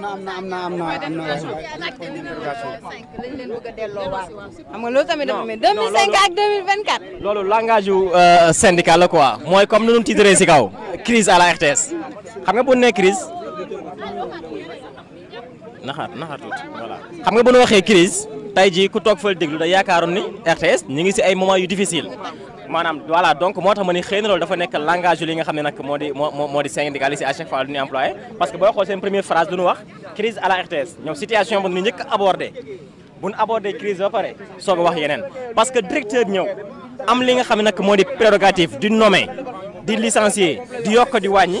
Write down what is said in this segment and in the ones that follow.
na am na am na am na am na xam nga loolu langage yu euh, syndicat la quoi mooy comme nu ñu titré si kaw crise à la RTS xam nga bu ñu nee crise naxaat naxaat tuuti nga bu ñu waxee tey jii ku tok fële deglu da yaakaaroon ni RTS ñu ngi si ay moments yu difficile manam voilà donc moo tax ma ni xëy na loolu dafa nek langage li nga xamné nak modi modi di moo syndicaliste à chaque fois du ñuy employé parce que boy xol seen première phrase du ñu wax crise à la RTS ñom situation bu ñu njëkk aborder bu ñu aborder crise ba paré soog wax yenen parce que directeur ñëw am li nga xamné nak modi moo di prérogative di nommer di licencier di yok di wàññi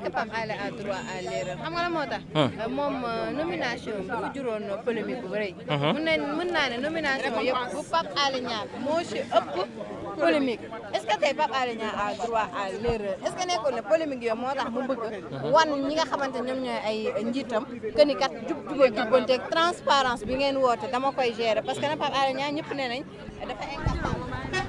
est-ce que Pape a droit à l'erreur xam nga la moo tax. moom euh, nomination bi bu juróon polémique bu rëy. mën nañ mën naa ne nomination yëpp bu Pape Alé Niang ëpp polémique est-ce que tey Pape Alé Niang a droit à l'erreur est-ce ne polémique yooyu moo mu bëgg. wan ñi nga xamante ñoom ñooy ay njiitam que ni kat jub juboo jubbanteeg transparence bi ngeen woote dama koy gérer parce que na Pape Alé Niang ñëpp nee nañ dafa incapable.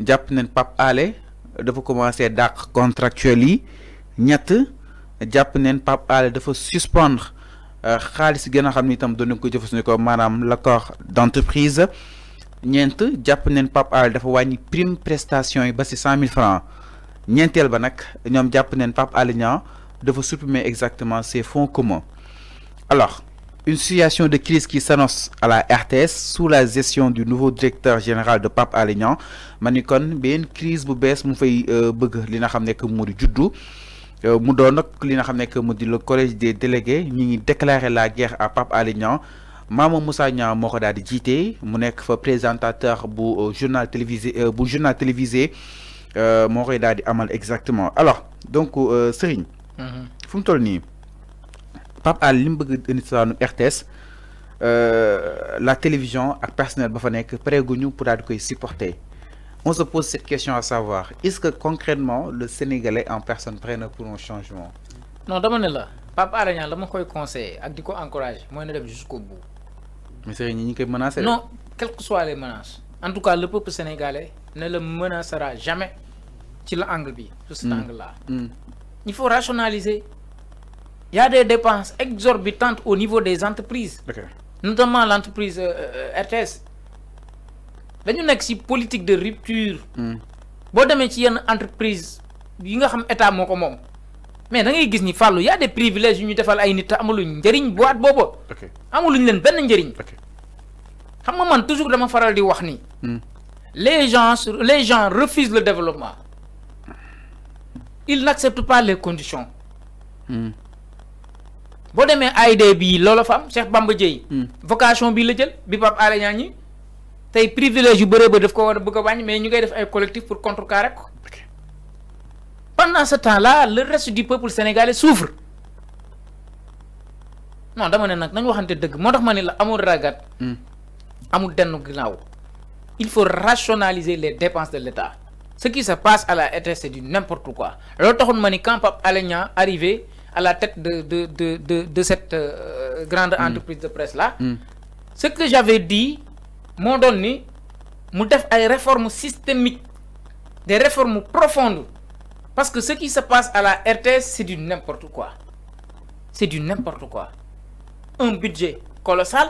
jàpp nañ Pape Alé dafa d'accord dàq contractuel yi ñett jàpp nañ Pape Alé dafa suspendre gëna xamni tam do ni ko doon nañ ko manam l'accord d'entreprise ñent jàpp nañ Pape Alé dafa une prime prestation yi ba ci cent mille francs ñentel ba nak ñom japonais nañ Pape Alé Niang dafa supprimer exactement ces fonds communs alors une situation de crise qui s'annonce à la RTS sous la gestion du nouveau directeur général de Pape Alignan ma ni crise bu bees mu fay euh, bëgg li nga xam nekk que euh, mu le collège des délégués ni déclarer la guerre à Pape Alignan maman Moussa Niang moo ko daal di jiite mu présentateur euh, bu journal télévisé bu journal télévisé moo koy di amal exactement alors donc Serigne. -hmm. mu toll Pape Alé li mu bëgg RTS euh, la télévision ak personnel ba fa nekk pareeguñu pour daal koy supporter on se pose cette question à savoir est-ce que concrètement le Sénégalais en personne prenne pour un changement. non dama ne la Pape arañal Niang la ma koy conseiller ak di ko encouragé mooy na jusqu'au bout. mais sëriñ ñi ñu koy menacer. non quelles que soient les menaces en tout cas le peuple sénégalais ne le menacera jamais ci l'anglais, bi. sur cet hmm. angle là. Hmm. il faut rationaliser. Il y a des dépenses exorbitantes au niveau des entreprises. Notamment l'entreprise euh, euh, RTS. dañu avons ci politique de rupture. Si hmm. demee ci une entreprise yi nga xam état moo ko mais da ngay gis ni il y a des privilèges yu ñu defal ay nit te amaluñ njëriñ boîte boobu. amaluñ leen benn njëriñ. xam nga man toujours dama faral di wax ni. Hmm. les gens les gens refusent le développement. ils n'acceptent pas les conditions. Hmm bo demee AID bi lolo fam Cheikh Bamba djey hmm. vocation bi la djel bi pap Alé Niang tay privilège yu bëree ba daf ko war bëgg bañ mais ñu ngay def ay collectif pour contrecarrer ko pendant ce temps là le reste du peuple sénégalais souffre non dama né nak nañu waxanté deug motax mané la amul ragat hmm. amul denn ginaaw il faut rationaliser les dépenses de l'État ce qui se passe à la RTS c'est du n'importe quoi loolu taxone mané quand pap Alé arrivé à la tête de, de, de, cette euh, grande hmm. entreprise de presse-là, hmm. ce que j'avais dit, mon donné, nous devons des réformes systémiques, des réformes profondes. Parce que ce qui se passe à la RTS, c'est du n'importe quoi. C'est du n'importe quoi. Un budget colossal.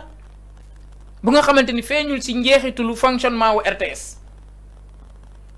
Si vous fait un fonctionnement au RTS.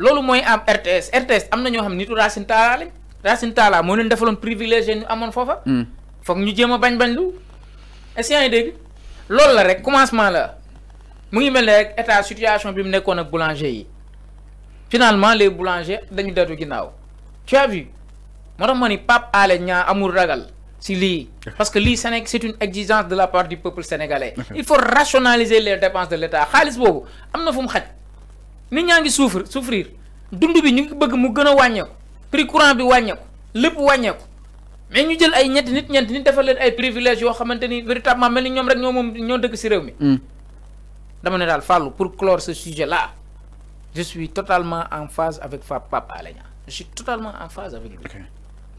lolu moy am RTS RTS am na ñoo xam nitu Racine Talla lañ Racine Talla moo leen privilège, privilégié ñu amoon foofa. Hmm. foog ñu jema bañ bañ lu. est-ce que yaa ngi la rek commencement la mu ngi mel rek état situation bi mu ak boulanger yi finalement les boulangers dañu ginnaaw tu as vu moo tax ni Pape amul ragal. si lii parce que lii c'est une exigence de la part du peuple sénégalais. il faut rationaliser les dépenses de l'État xaalis boobu am na fu mu xaj nit souffrir souffrir dund bi ñu bëgg mu prix courant bi lepp mais ñu jël ay nit privilèges véritablement rek ñoo pour clore ce sujet là je suis totalement en phase avec je suis totalement en phase avec lui.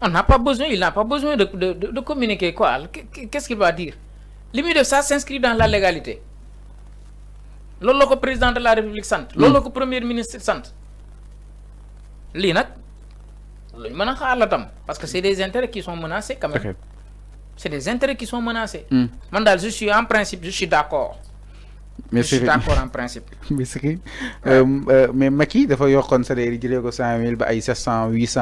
On n'a pas besoin, il n'a pas besoin de, communiquer quoi. Qu'est-ce qu'il va dire Limite de ça s'inscrit dans la légalité. Le président de la république sant. lolo premier ministre sant. L'inat, il parce que c'est des intérêts qui sont menacés quand même. C'est des intérêts qui sont menacés. Hmm. man je suis en principe je suis d'accord. Merci. Je suis en principe. Merci. Ouais. Euh, euh, mais Maki, il faut que vous ayez 5 000, 700, 800,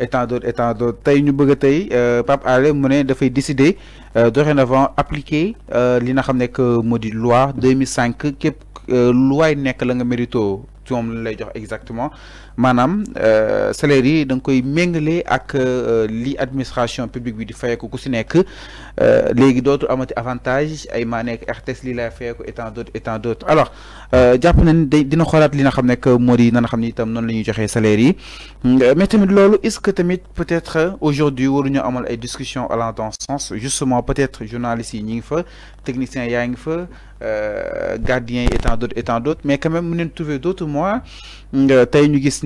et tant d'autres. Et tant d'autres. Euh, Pape Ale, vous avez décidé décider euh, dorénavant appliquer euh, ce que vous loi 2005. Quelle euh, loi est-ce que vous méritez Tu vous exactement manam euh, salaire yi dang koy méngale ak euh, li administration publique bi di fayeeku ku si que légui d'autres amati avantage ay maa RTS li la fayeeku et d'autres et d'autres alors euh, japp nañ dina xoolaat li nga xam que moo na nga non ni itam salaire yi euh, mais tamit lolu est-ce que tamit peut-être aujourd'hui ñu amal ay discussion allant dans ce sens justement peut-être journalistes yi ñi fa techniciens yaa ngi fa gardiens et d'autres et d'autres mais quand même mu neen trouver d'autres mois tay ñu gis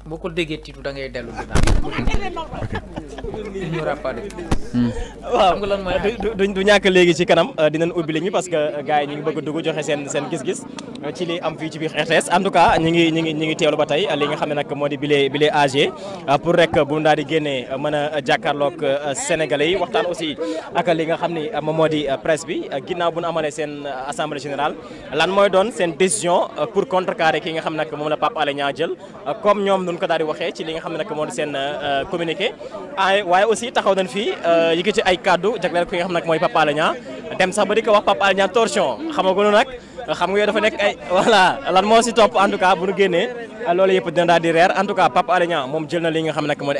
boo ko déggee tiitu da ngay dellu di hmm. waaw duñ du ñàkk léegi ci kanam euh, dinañ ubbi ligne bi parce que euh, gars yi ñu ngi bëgg a joxe seen seen gis-gis euh, ci li am fii ci biir RTS en tout cas ñu ngi ñu ngi ñu ngi teewlu ba tey li nga xam ne nag moo di bile bile AG pour rek bu mu daal di génnee mën a jàkkaarloog sénégalais yi waxtaan aussi ak li nga xam ne moom moo di presse bi ginnaaw bu ñu amalee seen assemblée général lan mooy doon seen décision pour contrecarrer ki nga xam nag moom la Pape ñaa jël comme ñoom nuñ ko daal di waxee ci li nga xam ne nag moo di seen euh, communiqué waaye aussi taxaw nañ fii euh, yëkkati ay kaddu jagleel ki nga xam ne nag mooy Papa Alia dem sax ba di ko wax Papa Alia torsion xamagu nu nag xam nga yow dafa nekk ay voilà lan moo si top en tout cas bu nu génnee loolu yëpp dina daal di reer en tout cas Papa Alia moom jël na li nga xam ne nag